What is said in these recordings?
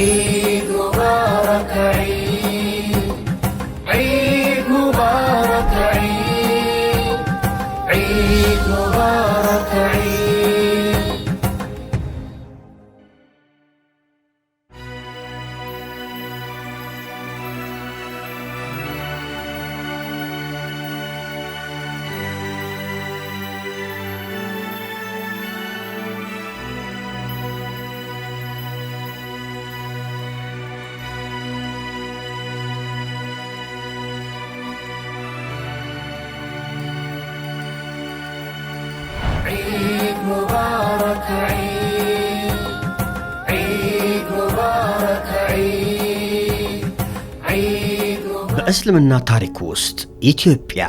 Bye. በእስልምና ታሪክ ውስጥ ኢትዮጵያ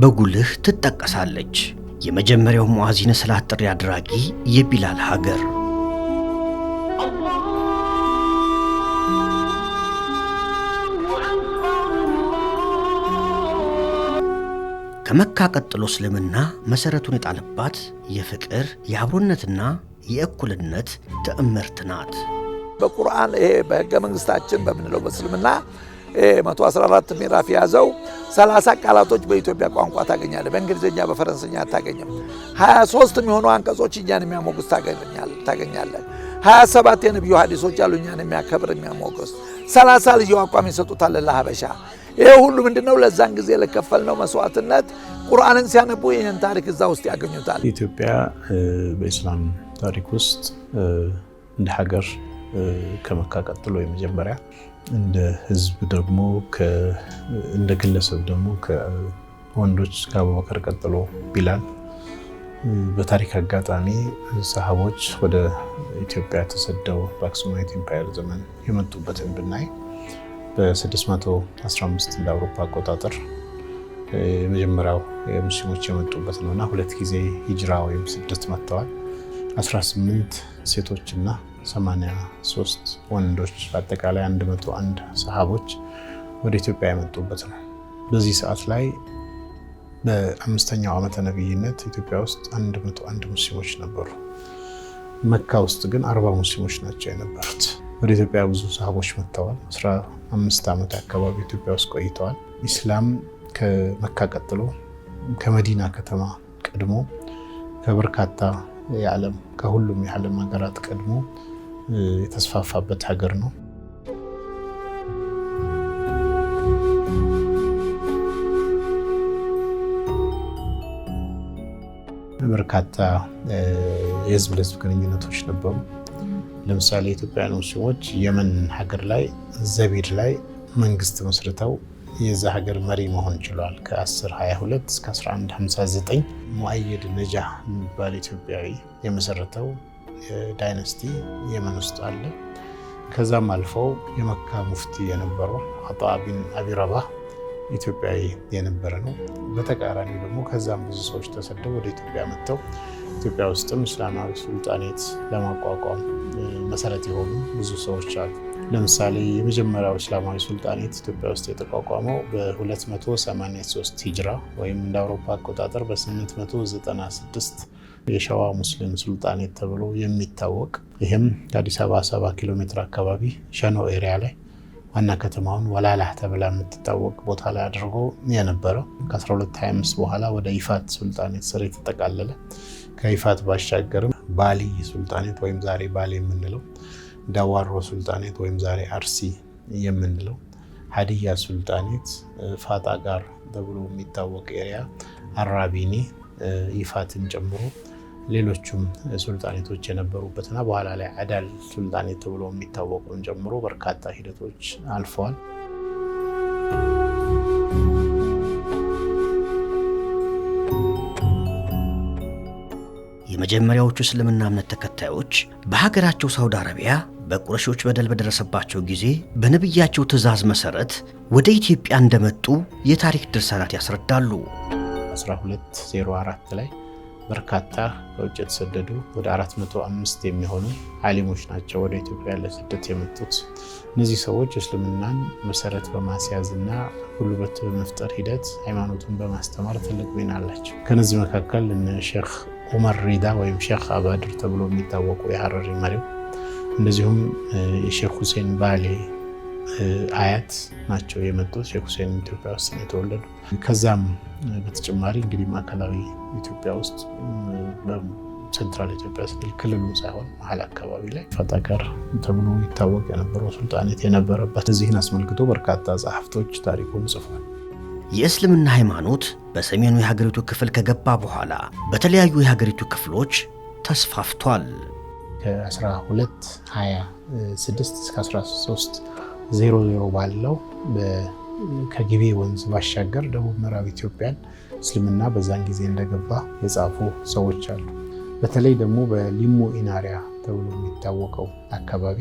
በጉልህ ትጠቀሳለች። የመጀመሪያው ሙዓዚነ ሰላት ጥሪ አድራጊ የቢላል ሀገር ከመካ ቀጥሎ እስልምና መሠረቱን የጣለባት የፍቅር የአብሮነትና የእኩልነት ትዕምርት ናት። በቁርአን ይሄ በሕገ መንግሥታችን በምንለው በእስልምና 114 ምዕራፍ የያዘው 30 ቃላቶች በኢትዮጵያ ቋንቋ ታገኛለህ። በእንግሊዝኛ በፈረንስኛ አታገኝም። 23 የሚሆኑ አንቀጾች እኛን የሚያሞግስ ታገኛለህ። 27 የነቢዩ ሀዲሶች አሉ እኛን የሚያከብር የሚያሞግስ። 30 ልዩ አቋም ይሰጡታል ለሀበሻ። ይሄ ሁሉ ምንድነው? ለዛን ጊዜ ለከፈልነው መስዋዕትነት ቁርአንን ሲያነቡ ይህን ታሪክ እዛ ውስጥ ያገኙታል። ኢትዮጵያ በኢስላም ታሪክ ውስጥ እንደ ሀገር ከመካ ቀጥሎ የመጀመሪያ እንደ ህዝብ ደግሞ እንደ ግለሰብ ደግሞ ከወንዶች ከአቡበከር ቀጥሎ ቢላል በታሪክ አጋጣሚ ሰሃቦች ወደ ኢትዮጵያ ተሰደው በአክሱማዊት ኢምፓየር ዘመን የመጡበትን ብናይ በ615 እንደ አውሮፓ አቆጣጠር የመጀመሪያው ሙስሊሞች የመጡበት ነው እና ሁለት ጊዜ ሂጅራ ወይም ስደት መጥተዋል። 18 ሴቶችና 83 ወንዶች በአጠቃላይ 101 ሰሃቦች ወደ ኢትዮጵያ የመጡበት ነው። በዚህ ሰዓት ላይ በአምስተኛው ዓመተ ነቢይነት ኢትዮጵያ ውስጥ 101 ሙስሊሞች ነበሩ። መካ ውስጥ ግን 40 ሙስሊሞች ናቸው የነበሩት። ወደ ኢትዮጵያ ብዙ ሰሃቦች መጥተዋል። 15 ዓመት አካባቢ ኢትዮጵያ ውስጥ ቆይተዋል። ኢስላም ከመካ ቀጥሎ ከመዲና ከተማ ቀድሞ ከበርካታ የዓለም ከሁሉም የዓለም ሀገራት ቀድሞ የተስፋፋበት ሀገር ነው። በርካታ የህዝብ ለህዝብ ግንኙነቶች ነበሩ። ለምሳሌ የኢትዮጵያውያን ሙስሊሞች የመን ሀገር ላይ ዘቢድ ላይ መንግስት መስርተው የዛ ሀገር መሪ መሆን ችሏል ከ ከ1022 እስከ 1159 ሙአየድ ነጃህ የሚባል ኢትዮጵያዊ የመሰረተው ዳይነስቲ የመን ውስጥ አለ። ከዛም አልፈው የመካ ሙፍቲ የነበረው አጣ ቢን አቢረባ ኢትዮጵያዊ የነበረ ነው። በተቃራኒ ደግሞ ከዛም ብዙ ሰዎች ተሰደው ወደ ኢትዮጵያ መጥተው ኢትዮጵያ ውስጥም እስላማዊ ሱልጣኔት ለማቋቋም መሰረት የሆኑ ብዙ ሰዎች አሉ። ለምሳሌ የመጀመሪያው እስላማዊ ሱልጣኔት ኢትዮጵያ ውስጥ የተቋቋመው በ283 ሂጅራ ወይም እንደ አውሮፓ አቆጣጠር በ896 የሸዋ ሙስሊም ሱልጣኔት ተብሎ የሚታወቅ ይህም ከአዲስ አበባ ሰባ ኪሎ ሜትር አካባቢ ሸኖ ኤሪያ ላይ ዋና ከተማውን ወላላህ ተብላ የምትታወቅ ቦታ ላይ አድርጎ የነበረው ከ1225 በኋላ ወደ ይፋት ሱልጣኔት ስር የተጠቃለለ ከይፋት ባሻገርም ባሊ ሱልጣኔት ወይም ዛሬ ባሊ የምንለው ዳዋሮ ሱልጣኔት ወይም ዛሬ አርሲ የምንለው ሀዲያ ሱልጣኔት፣ ፋጣ ጋር ተብሎ የሚታወቅ ኤሪያ፣ አራቢኒ ይፋትን ጨምሮ ሌሎቹም ሱልጣኔቶች የነበሩበትና በኋላ ላይ አዳል ሱልጣኔት ተብሎ የሚታወቁን ጨምሮ በርካታ ሂደቶች አልፈዋል። የመጀመሪያዎቹ እስልምና እምነት ተከታዮች በሀገራቸው ሳውዲ አረቢያ በቁረሾች በደል በደረሰባቸው ጊዜ በነቢያቸው ትእዛዝ መሰረት ወደ ኢትዮጵያ እንደመጡ የታሪክ ድርሳናት ያስረዳሉ። 1204 ላይ በርካታ ከውጭ የተሰደዱ ወደ 405 የሚሆኑ አሊሞች ናቸው ወደ ኢትዮጵያ ለስደት የመጡት። እነዚህ ሰዎች እስልምናን መሰረት በማስያዝ እና ሁሉበት በመፍጠር ሂደት ሃይማኖቱን በማስተማር ትልቅ ሚና አላቸው። ከነዚህ መካከል ሼክ ኡመር ሪዳ ወይም ሼክ አባድር ተብሎ የሚታወቁ የሀረሪ መሪው፣ እንደዚሁም የሼክ ሁሴን ባሌ አያት ናቸው የመጡት። ሼክ ሁሴን ኢትዮጵያ ውስጥ ነው የተወለዱ። ከዛም በተጨማሪ እንግዲህ ማዕከላዊ ኢትዮጵያ ውስጥ ሴንትራል ኢትዮጵያ ስል ክልሉ ሳይሆን መሀል አካባቢ ላይ ፈጠቀር ተብሎ ይታወቅ የነበረው ሱልጣኔት የነበረበት እዚህን አስመልክቶ በርካታ ጸሐፍቶች ታሪኩን ጽፏል። የእስልምና ሃይማኖት በሰሜኑ የሀገሪቱ ክፍል ከገባ በኋላ በተለያዩ የሀገሪቱ ክፍሎች ተስፋፍቷል። ከ1226 እስከ 13 ዜሮ ዜሮ ባለው ከግቤ ወንዝ ባሻገር ደቡብ ምዕራብ ኢትዮጵያን እስልምና በዛን ጊዜ እንደገባ የጻፉ ሰዎች አሉ። በተለይ ደግሞ በሊሙ ኢናሪያ ተብሎ የሚታወቀው አካባቢ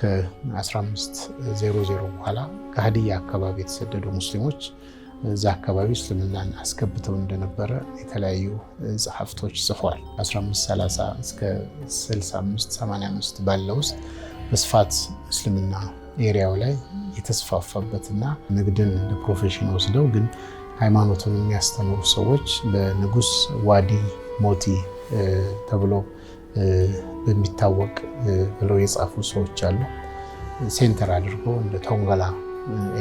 ከ1500 በኋላ ከሀዲያ አካባቢ የተሰደዱ ሙስሊሞች እዛ አካባቢ እስልምናን አስገብተው እንደነበረ የተለያዩ ጸሐፍቶች ጽፈዋል። 1530 እስከ 6585 ባለ ውስጥ በስፋት እስልምና ኤሪያው ላይ የተስፋፋበትና ንግድን እንደ ፕሮፌሽን ወስደው ግን ሃይማኖትን የሚያስተምሩ ሰዎች በንጉስ ዋዲ ሞቲ ተብሎ በሚታወቅ ብለው የጻፉ ሰዎች አሉ። ሴንተር አድርጎ እንደ ቶንጋላ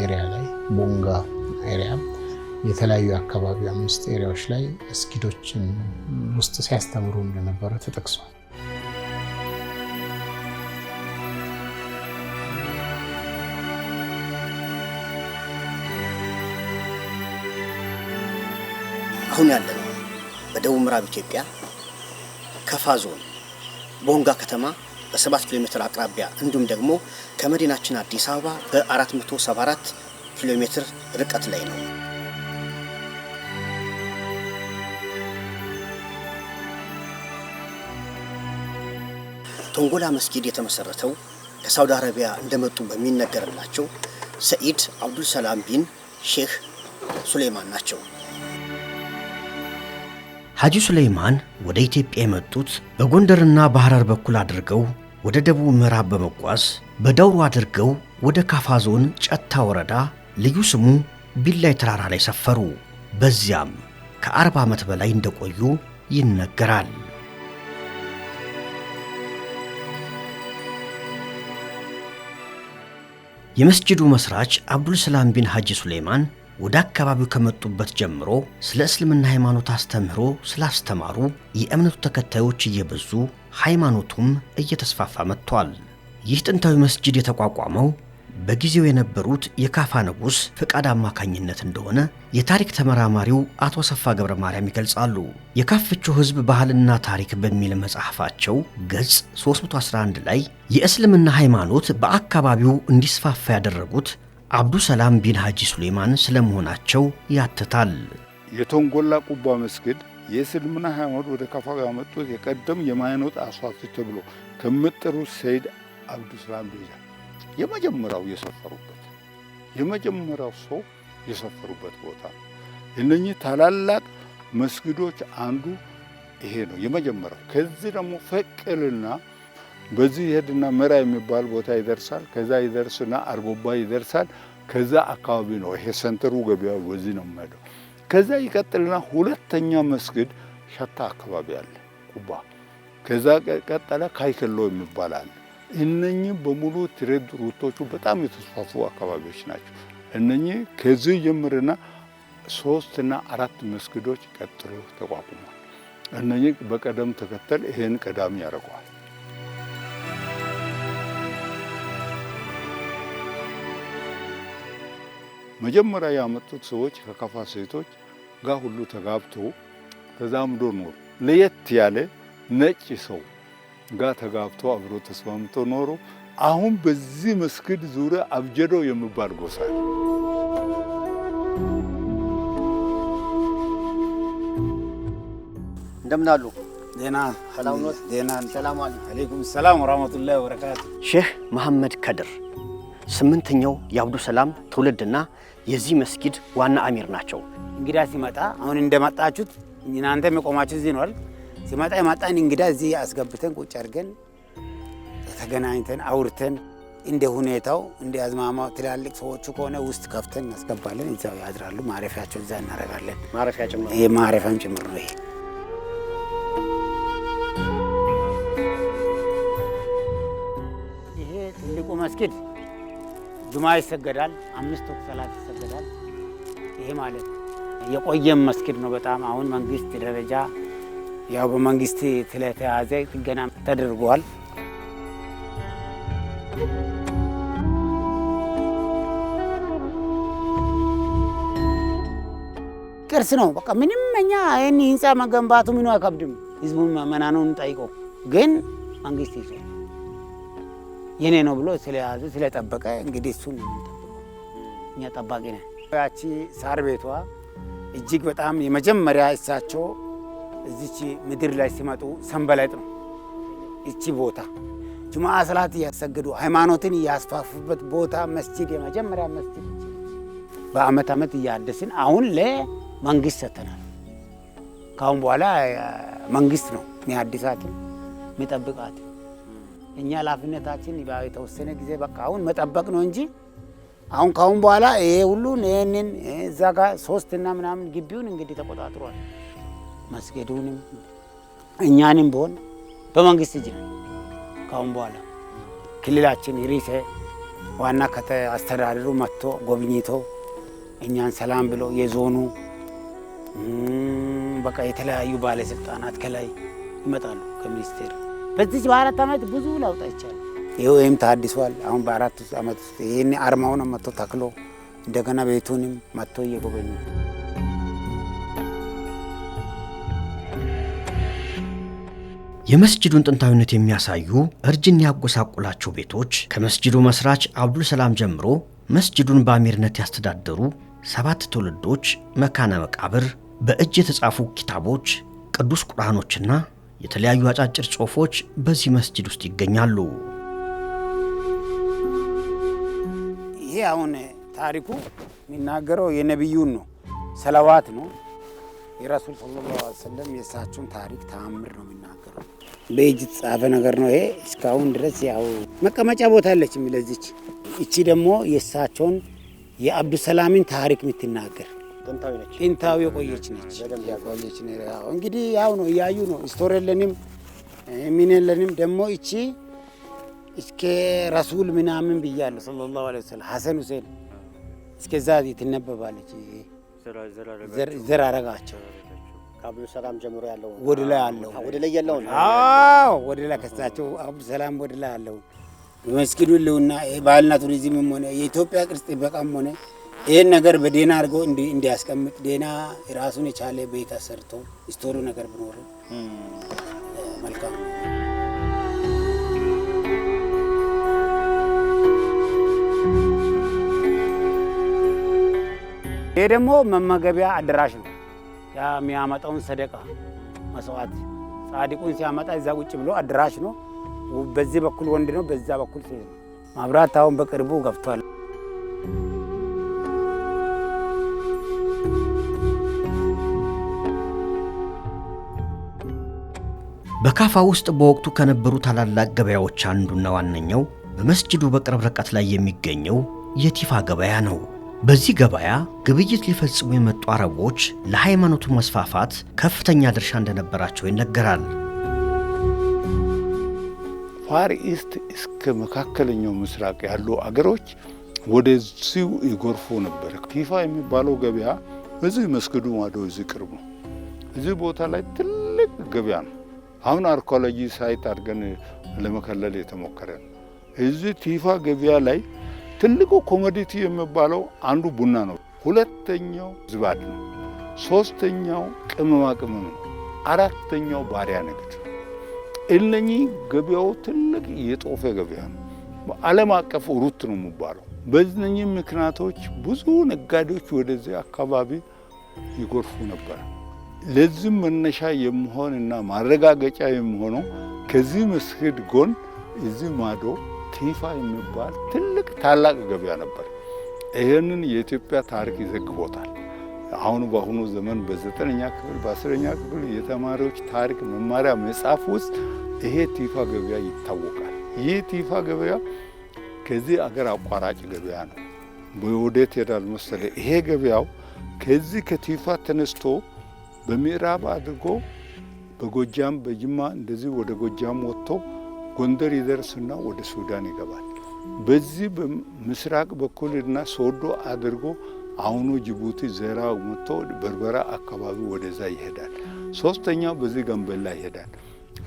ኤሪያ ላይ ቦንጋ ኤሪያ የተለያዩ አካባቢ አምስት ኤሪያዎች ላይ እስኪዶችን ውስጥ ሲያስተምሩ እንደነበረ ተጠቅሷል። አሁን ያለነው በደቡብ ምዕራብ ኢትዮጵያ ከፋ ዞን ቦንጋ ከተማ በ7 ኪሎ ሜትር አቅራቢያ እንዲሁም ደግሞ ከመዲናችን አዲስ አበባ በ474 ኪሎ ሜትር ርቀት ላይ ነው። ቶንጎላ መስጊድ የተመሰረተው ከሳውዲ አረቢያ እንደመጡ በሚነገርላቸው ሰኢድ አብዱልሰላም ሰላም ቢን ሼህ ሱሌማን ናቸው። ሐጂ ሱለይማን ወደ ኢትዮጵያ የመጡት በጎንደርና በሐረር በኩል አድርገው ወደ ደቡብ ምዕራብ በመጓዝ በዳውሮ አድርገው ወደ ካፋ ዞን ጨታ ወረዳ ልዩ ስሙ ቢላይ ተራራ ላይ ሰፈሩ። በዚያም ከአርባ ዓመት በላይ እንደቆዩ ይነገራል። የመስጅዱ መስራች አብዱል ሰላም ቢን ሐጂ ሱሌማን ወደ አካባቢው ከመጡበት ጀምሮ ስለ እስልምና ሃይማኖት አስተምህሮ ስላስተማሩ የእምነቱ ተከታዮች እየበዙ ሃይማኖቱም እየተስፋፋ መጥቷል። ይህ ጥንታዊ መስጂድ የተቋቋመው በጊዜው የነበሩት የካፋ ንጉሥ ፍቃድ አማካኝነት እንደሆነ የታሪክ ተመራማሪው አቶ ሰፋ ገብረ ማርያም ይገልጻሉ። የካፍቾ ሕዝብ ባህልና ታሪክ በሚል መጽሐፋቸው ገጽ 311 ላይ የእስልምና ሃይማኖት በአካባቢው እንዲስፋፋ ያደረጉት አብዱ ሰላም ቢን ሐጂ ሱሌማን ስለመሆናቸው ያትታል። የቶንጎላ ቁባ መስጊድ የእስልምና ሃይማኖት ወደ ካፋ ያመጡት የቀደም የማይኖት አስዋቶች ተብሎ ከምጥሩ ሰይድ አብዱ ሰላም ቤዛ የመጀመሪያው የሰፈሩበት የመጀመሪያው ሰው የሰፈሩበት ቦታ እነኚህ ታላላቅ መስጊዶች አንዱ ይሄ ነው የመጀመሪያው። ከዚህ ደግሞ ፈቅልና በዚህ ይሄድና መራ የሚባል ቦታ ይደርሳል። ከዛ ይደርስና አርጎባ ይደርሳል። ከዛ አካባቢ ነው ይሄ ሰንተሩ ገበያ በዚህ ነው የሚሄደው። ከዛ ይቀጥልና ሁለተኛ መስጊድ ሸታ አካባቢ አለ ቁባ። ከዛ ቀጠለ ካይከሎ የሚባል አለ። እነኚህ በሙሉ ትሬድ ሩቶቹ በጣም የተስፋፉ አካባቢዎች ናቸው። እነኚህ ከዚህ ጀምርና ሶስትና አራት መስጊዶች ቀጥሎ ተቋቁሟል። እነኚህ በቀደም ተከተል ይሄን ቀዳሚ ያደርገዋል። መጀመሪያ ያመጡት ሰዎች ከካፋ ሴቶች ጋር ሁሉ ተጋብቶ ተዛምዶ ኖሩ። ለየት ያለ ነጭ ሰው ጋር ተጋብቶ አብሮ ተስማምቶ ኖሮ አሁን በዚህ መስጊድ ዙሪያ አብጀዶ የሚባል ጎሳ እንደምን አሉ? ዜና ሰላም አለይኩም ሰላም ወራህመቱላሂ ወበረካቱ። ሼህ መሐመድ ከድር ስምንተኛው የአብዱ ሰላም ትውልድና የዚህ መስጊድ ዋና አሚር ናቸው። እንግዳ ሲመጣ አሁን እንደመጣችሁት እናንተ የቆማችሁ እዚህ ነዋል። ሲመጣ የመጣን እንግዳ እዚህ አስገብተን ቁጭ አድርገን ተገናኝተን አውርተን እንደ ሁኔታው እንደ አዝማማው ትላልቅ ሰዎቹ ከሆነ ውስጥ ከፍተን እናስገባለን። እዛው ያድራሉ። ማረፊያቸው እዛ እናደርጋለን። ማረፊያም ጭምር ነው ይሄ። ይሄ ትልቁ መስጊድ ጁማ ይሰገዳል። አምስት ወቅት ሰላት ይሰገዳል። ይሄ ማለት የቆየም መስጊድ ነው። በጣም አሁን መንግስት ደረጃ ያው በመንግስት ስለተያዘ ጥገና ተደርጓል። ቅርስ ነው። በቃ ምንም እኛ ይህን ህንፃ መገንባቱ ምኑ አይከብድም። ህዝቡን መናኑን ጠይቆ ግን መንግስት ይዞ የኔ ነው ብሎ ስለያዘ ስለጠበቀ እንግዲህ እሱን እኛ ጠባቂ ነን። ያቺ ሳር ቤቷ እጅግ በጣም የመጀመሪያ እሳቸው እዚች ምድር ላይ ሲመጡ ሰንበለጥ ነው። እቺ ቦታ ጁምዓ ሰላት እያሰገዱ ሃይማኖትን እያስፋፉበት ቦታ መስጂድ፣ የመጀመሪያ መስጂድ በአመት አመት እያደስን አሁን ለመንግስት ሰተናል። ከአሁን በኋላ መንግስት ነው የሚያድሳት የሚጠብቃት። እኛ ኃላፊነታችን የተወሰነ ጊዜ በቃ አሁን መጠበቅ ነው እንጂ አሁን ካሁን በኋላ ይሄ ሁሉን ይህንን እዛ ጋር ሶስት እና ምናምን ግቢውን እንግዲህ ተቆጣጥሯል። መስገዱንም እኛንም ቢሆን በመንግስት እጅ ነው። ካሁን በኋላ ክልላችን ርዕሰ ዋና አስተዳደሩ መጥቶ ጎብኝቶ እኛን ሰላም ብሎ የዞኑ በቃ የተለያዩ ባለስልጣናት ከላይ ይመጣሉ ከሚኒስቴር በዚህ በአራት ዓመት ብዙ ለውጥ አይቻልም። ይኸው ይህም ታድሷል። አሁን በአራት ዓመት ውስጥ ይህን አርማውን መጥቶ ተክሎ እንደገና ቤቱንም መጥቶ እየጎበኙ የመስጅዱን ጥንታዊነት የሚያሳዩ እርጅን ያጎሳቁላቸው ቤቶች ከመስጅዱ መስራች አብዱል ሰላም ጀምሮ መስጅዱን በአሚርነት ያስተዳደሩ ሰባት ትውልዶች መካነ መቃብር፣ በእጅ የተጻፉ ኪታቦች፣ ቅዱስ ቁርአኖችና የተለያዩ አጫጭር ጽሑፎች በዚህ መስጅድ ውስጥ ይገኛሉ። ይሄ አሁን ታሪኩ የሚናገረው የነቢዩን ነው፣ ሰለዋት ነው። የረሱል ሰለላሁ ዐለይሂ ወሰለም የእሳቸውን ታሪክ ተአምር ነው የሚናገረው። በእጅ የተጻፈ ነገር ነው ይሄ። እስካሁን ድረስ ያው መቀመጫ ቦታ አለች የሚለዚች። እቺ ደግሞ የእሳቸውን የአብዱሰላምን ታሪክ የምትናገር ጥንታዊ የቆየች ነች። የቆየች እንግዲህ ያው ነው እያዩ ነው። ስቶር የለንም ሚን የለንም። ደግሞ እቺ እስከ ረሱል ምናምን ብያለሁ ሰለላሁ ዐለይሂ ወሰለም ሐሰን ሁሴን እስከዛ ትነበባለች። ዘራረጋቸው ከአብዱሰላም ጀምሮ ያለው ወደ ላይ አለው ወደ ላይ ያለው አዎ፣ ወደ ላይ ከሳቸው አብዱሰላም ወደ ላይ አለው መስጊዱ ልውና ባህልና ቱሪዝም ሆነ የኢትዮጵያ ቅርስ ጥበቃም ሆነ ይህን ነገር በዴና አድርጎ እንዲያስቀምጥ ዴና ራሱን የቻለ ቤት አሰርቶ ስቶሩ ነገር ብኖር መልካም ነው። ይሄ ደግሞ መመገቢያ አዳራሽ ነው። ያ የሚያመጣውን ሰደቃ መስዋዕት ጻድቁን ሲያመጣ እዛ ቁጭ ብሎ አዳራሽ ነው። በዚህ በኩል ወንድ ነው፣ በዛ በኩል ሴት ነው። መብራት አሁን በቅርቡ ገብቷል። በካፋ ውስጥ በወቅቱ ከነበሩ ታላላቅ ገበያዎች አንዱና ዋነኛው በመስጅዱ በቅርብ ርቀት ላይ የሚገኘው የቲፋ ገበያ ነው። በዚህ ገበያ ግብይት ሊፈጽሙ የመጡ አረቦች ለሃይማኖቱ መስፋፋት ከፍተኛ ድርሻ እንደነበራቸው ይነገራል። ፋር ኢስት እስከ መካከለኛው ምስራቅ ያሉ አገሮች ወደዚሁ ይጎርፎ ነበር። ቲፋ የሚባለው ገበያ እዚህ መስጊዱ ማዶ እዚህ ቅርቡ እዚህ ቦታ ላይ ትልቅ ገበያ ነው። አሁን አርኮሎጂ ሳይት አድርገን ለመከለል የተሞከረ ነው። እዚህ ቲፋ ገበያ ላይ ትልቁ ኮሞዲቲ የሚባለው አንዱ ቡና ነው፣ ሁለተኛው ዝባድ ነው፣ ሶስተኛው ቅመማ ቅመም ነው፣ አራተኛው ባሪያ ንግድ። እነኚህ ገበያው ትልቅ የጦፈ ገበያ ነው። በዓለም አቀፍ ሩት ነው የሚባለው። በእነኚህ ምክንያቶች ብዙ ነጋዴዎች ወደዚህ አካባቢ ይጎርፉ ነበር። ለዚህም መነሻ የምሆንና ማረጋገጫ የሚሆነው ከዚህ መስጊድ ጎን እዚህ ማዶ ቲፋ የሚባል ትልቅ ታላቅ ገበያ ነበር። ይህንን የኢትዮጵያ ታሪክ ይዘግቦታል። አሁን በአሁኑ ዘመን በዘጠነኛ ክፍል በአስረኛ ክፍል የተማሪዎች ታሪክ መማሪያ መጽሐፍ ውስጥ ይሄ ቲፋ ገበያ ይታወቃል። ይህ ቲፋ ገበያ ከዚህ አገር አቋራጭ ገበያ ነው። ወዴት ሄዳል መሰለ? ይሄ ገበያው ከዚህ ከቲፋ ተነስቶ በምዕራብ አድርጎ በጎጃም በጅማ እንደዚህ ወደ ጎጃም ወጥቶ ጎንደር ይደርስና ወደ ሱዳን ይገባል። በዚህ በምስራቅ እና ሶዶ አድርጎ አሁኑ ጅቡቲ ዘራ መጥቶ በርበራ አካባቢ ወደዛ ይሄዳል። ሶስተኛው በዚህ ጋምቤላ ይሄዳል።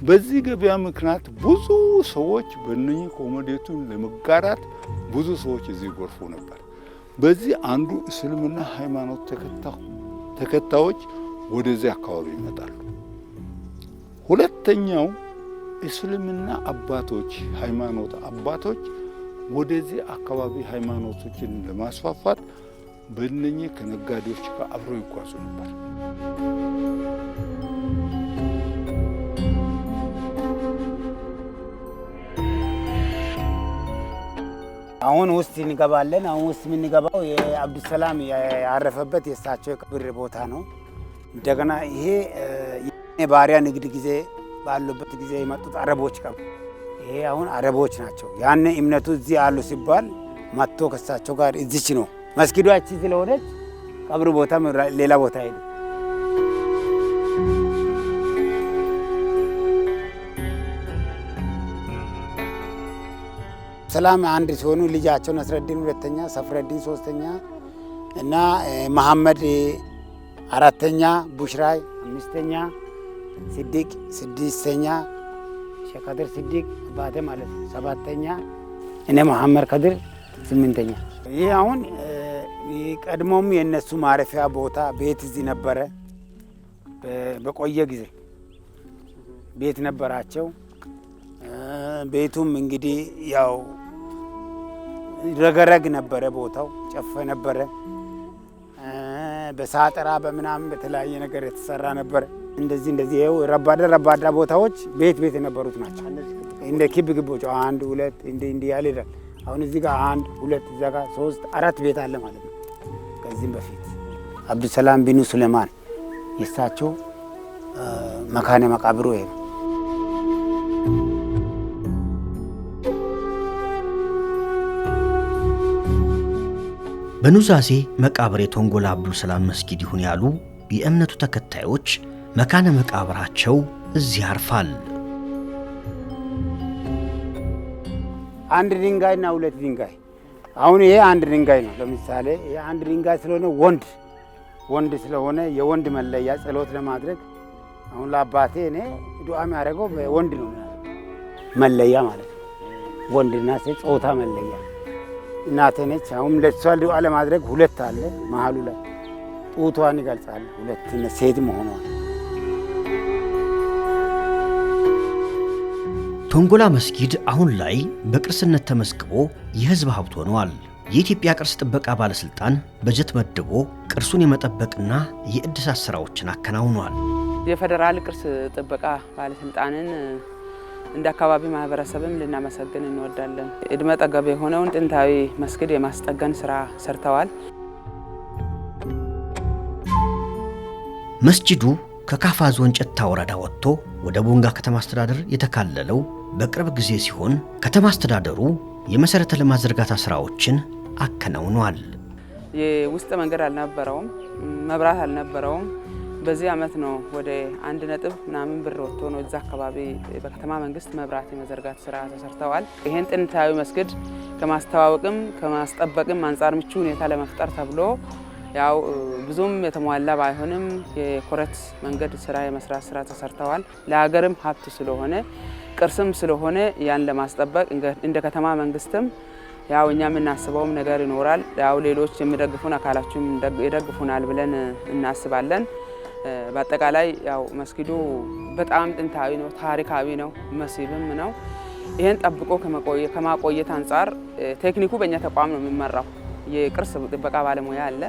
በዚህ ገበያ ምክንያት ብዙ ሰዎች በእነኚህ ኮሞዴቱን ለመጋራት ብዙ ሰዎች እዚህ ጎርፉ ነበር። በዚህ አንዱ እስልምና ሃይማኖት ተከታዮች ወደዚህ አካባቢ ይመጣሉ። ሁለተኛው እስልምና አባቶች ሃይማኖት አባቶች ወደዚህ አካባቢ ሃይማኖቶችን ለማስፋፋት በእነኚህ ከነጋዴዎች ጋር አብረው ይጓዙ ነበር። አሁን ውስጥ እንገባለን። አሁን ውስጥ የምንገባው የአብዱሰላም ያረፈበት የእሳቸው የቀብር ቦታ ነው። እንደገና ይሄ የባሪያ ንግድ ጊዜ ባሉበት ጊዜ የመጡት አረቦች ቀ ይሄ አሁን አረቦች ናቸው። ያን እምነቱ እዚህ አሉ ሲባል መጥቶ ከሳቸው ጋር እዚች ነው መስጊዱ እቺ ስለሆነች ቀብር ቦታ ሌላ ቦታ ሄዱ። ሰላም አንድ ሲሆኑ ልጃቸውን አስረዲን ሁለተኛ፣ ሰፍረዲን ሶስተኛ እና መሐመድ አራተኛ ቡሽራይ፣ አምስተኛ ስዲቅ፣ ስድስተኛ ሸከድር ስዲቅ አባቴ ማለት ነው። ሰባተኛ እኔ መሐመድ ከድር፣ ስምንተኛ ይህ አሁን ቀድሞም የእነሱ ማረፊያ ቦታ ቤት እዚህ ነበረ። በቆየ ጊዜ ቤት ነበራቸው። ቤቱም እንግዲህ ያው ረገረግ ነበረ፣ ቦታው ጨፈ ነበረ። በሳጠራ በምናምን በተለያየ ነገር የተሰራ ነበር። እንደዚህ እንደዚህ ይኸው ረባዳ ረባዳ ቦታዎች ቤት ቤት የነበሩት ናቸው። እንደ ክብ ግቦች አንድ ሁለት እንደ እንዲህ ያለ ይላል። አሁን እዚህ ጋር አንድ ሁለት እዚያ ጋር ሶስት አራት ቤት አለ ማለት ነው። ከዚህም በፊት አብዱሰላም ቢኑ ሱሌማን የእሳቸው መካነ መቃብሩ ይሄ ነው። በኑዛዜ መቃብር የቶንጎላ አብዱልሰላም መስጊድ ይሁን ያሉ የእምነቱ ተከታዮች መካነ መቃብራቸው እዚህ ያርፋል። አንድ ድንጋይ ና ሁለት ድንጋይ። አሁን ይሄ አንድ ድንጋይ ነው። ለምሳሌ ይሄ አንድ ድንጋይ ስለሆነ ወንድ ወንድ ስለሆነ የወንድ መለያ ጸሎት ለማድረግ አሁን ለአባቴ እኔ ዱዓ የሚያደርገው ወንድ ነው መለያ ማለት ነው። ወንድና ሴት ጾታ መለያ እናቴ ነች። አሁን ለሷ ለማድረግ ሁለት አለ መሀሉ ላይ ጡቷን ይገልጻል። ሁለት ሴት መሆኗ ቶንጎላ መስጊድ አሁን ላይ በቅርስነት ተመዝግቦ የህዝብ ሀብት ሆኗል። የኢትዮጵያ ቅርስ ጥበቃ ባለስልጣን በጀት መድቦ ቅርሱን የመጠበቅና የእድሳት ስራዎችን አከናውኗል። የፌዴራል ቅርስ ጥበቃ ባለስልጣንን እንደ አካባቢ ማህበረሰብም ልናመሰግን እንወዳለን። እድመ ጠገብ የሆነውን ጥንታዊ መስጊድ የማስጠገን ስራ ሰርተዋል። መስጂዱ ከካፋ ዞን ጨታ ወረዳ ወጥቶ ወደ ቦንጋ ከተማ አስተዳደር የተካለለው በቅርብ ጊዜ ሲሆን ከተማ አስተዳደሩ የመሰረተ ልማት ዝርጋታ ስራዎችን አከናውኗል። የውስጥ መንገድ አልነበረውም፣ መብራት አልነበረውም። በዚህ አመት ነው ወደ አንድ ነጥብ ምናምን ብር ወጥቶ ነው እዛ አካባቢ በከተማ መንግስት መብራት የመዘርጋት ስራ ተሰርተዋል። ይህን ጥንታዊ መስጊድ ከማስተዋወቅም ከማስጠበቅም አንጻር ምቹ ሁኔታ ለመፍጠር ተብሎ ያው ብዙም የተሟላ ባይሆንም የኮረት መንገድ ስራ የመስራት ስራ ተሰርተዋል። ለሀገርም ሀብት ስለሆነ ቅርስም ስለሆነ ያን ለማስጠበቅ እንደ ከተማ መንግስትም ያው እኛ የምናስበውም ነገር ይኖራል። ያው ሌሎች የሚደግፉን አካላችሁም ይደግፉናል ብለን እናስባለን። በአጠቃላይ ያው መስጊዱ በጣም ጥንታዊ ነው፣ ታሪካዊ ነው፣ መስህብም ነው። ይህን ጠብቆ ከማቆየት አንጻር ቴክኒኩ በእኛ ተቋም ነው የሚመራው። የቅርስ ጥበቃ ባለሙያ አለ።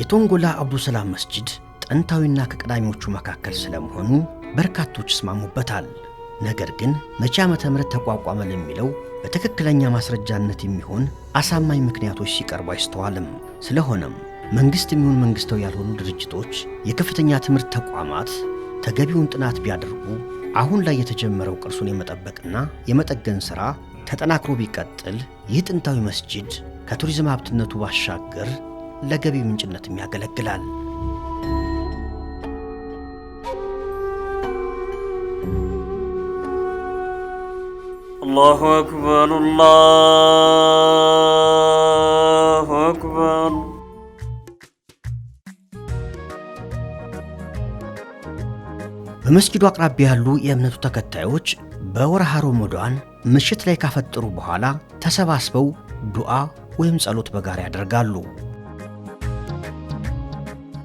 የቶንጎላ አቡሰላም መስጂድ ጥንታዊና ከቀዳሚዎቹ መካከል ስለመሆኑ በርካቶች ይስማሙበታል። ነገር ግን መቼ ዓመተ ምህረት ተቋቋመ ለሚለው በትክክለኛ ማስረጃነት የሚሆን አሳማኝ ምክንያቶች ሲቀርቡ አይስተዋልም። ስለሆነም መንግሥት የሚሆን መንግሥታዊ ያልሆኑ ድርጅቶች፣ የከፍተኛ ትምህርት ተቋማት ተገቢውን ጥናት ቢያደርጉ አሁን ላይ የተጀመረው ቅርሱን የመጠበቅና የመጠገን ሥራ ተጠናክሮ ቢቀጥል ይህ ጥንታዊ መስጂድ ከቱሪዝም ሀብትነቱ ባሻገር ለገቢ ምንጭነትም ያገለግላል። አላሁ አክበር አላሁ አክበር። በመስጂዱ አቅራቢያ ያሉ የእምነቱ ተከታዮች በወርሃ ረመዷን ምሽት ላይ ካፈጠሩ በኋላ ተሰባስበው ዱዓ ወይም ጸሎት በጋራ ያደርጋሉ።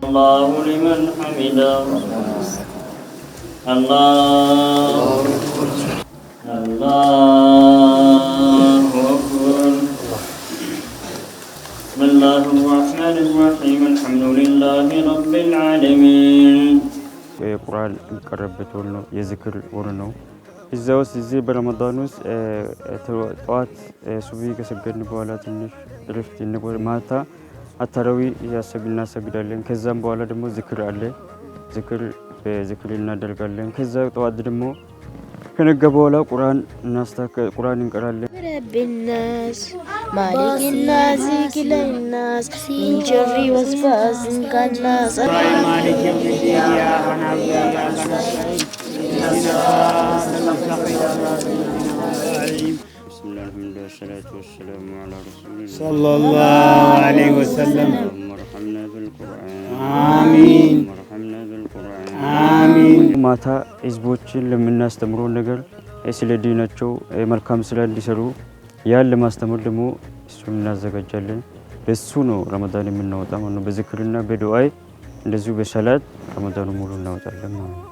አላሁ ሊመን ሐሚዳ አላሁ الله أكبر بسم الله الرحمن الرحيم الحمد لله رب العالمين የቁርአን የሚቀረበት ወር ነው። የዝክር ወር ነው። እዛ ውስጥ እዚህ በረመዳን ውስጥ ጠዋት ሱቢ ከሰገድን በኋላ ትንሽ እረፍት ማታ አተራዊ እናሰግዳለን። ከዛም በኋላ ደግሞ ዝክር አለ። ዝክር በዝክር እናደርጋለን። ከዛ ጠዋት ደግሞ ከነገ በኋላ ቁርአን እናስተካከል፣ ቁርአን እንቀራለን። ረቢናስ ማሊኪናስ ኪለናስ ሚንሸሪ ወስፋስ ንካናስ ሰለላሁ ዐለይሂ ወሰለም አሚን አሚን። ማታ ህዝቦችን ለምናስተምረው ነገር ስለ ዲናቸው መልካም ስራ እንዲሰሩ ያን ለማስተምር ደግሞ እሱን እናዘጋጃለን። በሱ ነው ረመዳን የምናወጣ ማለት ነው። በዝክርና በዱዓይ እንደዚሁ በሰላት ረመዳኑ ሙሉ እናወጣለን ማለት ነው።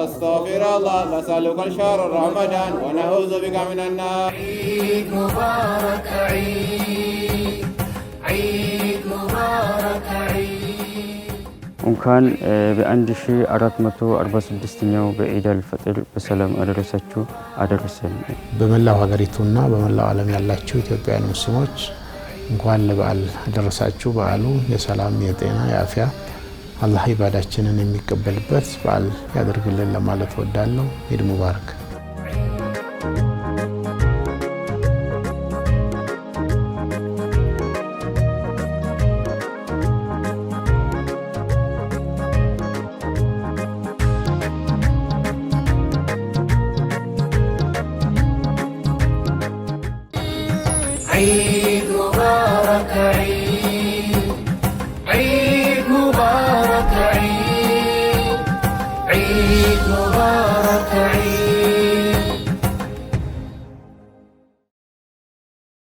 አስተግፊሩላህ ነስአሉከ ሸህረ ረመዳን ወነዑዙ ቢከ ሚነን عيد مبارك عيد عيد مبارك عيد እንኳን በ1446ኛው በኢድ ፈጥር በሰላም አደረሳችሁ አደረሰን። በመላው ሀገሪቱና በመላው ዓለም ያላችሁ ኢትዮጵያውያን ሙስሊሞች እንኳን ለበዓል አደረሳችሁ። በዓሉ የሰላም የጤና የአፍያ አላህ ኢባዳችንን የሚቀበልበት በዓል ያደርግልን ለማለት ወዳለው ኢድ ሙባረክ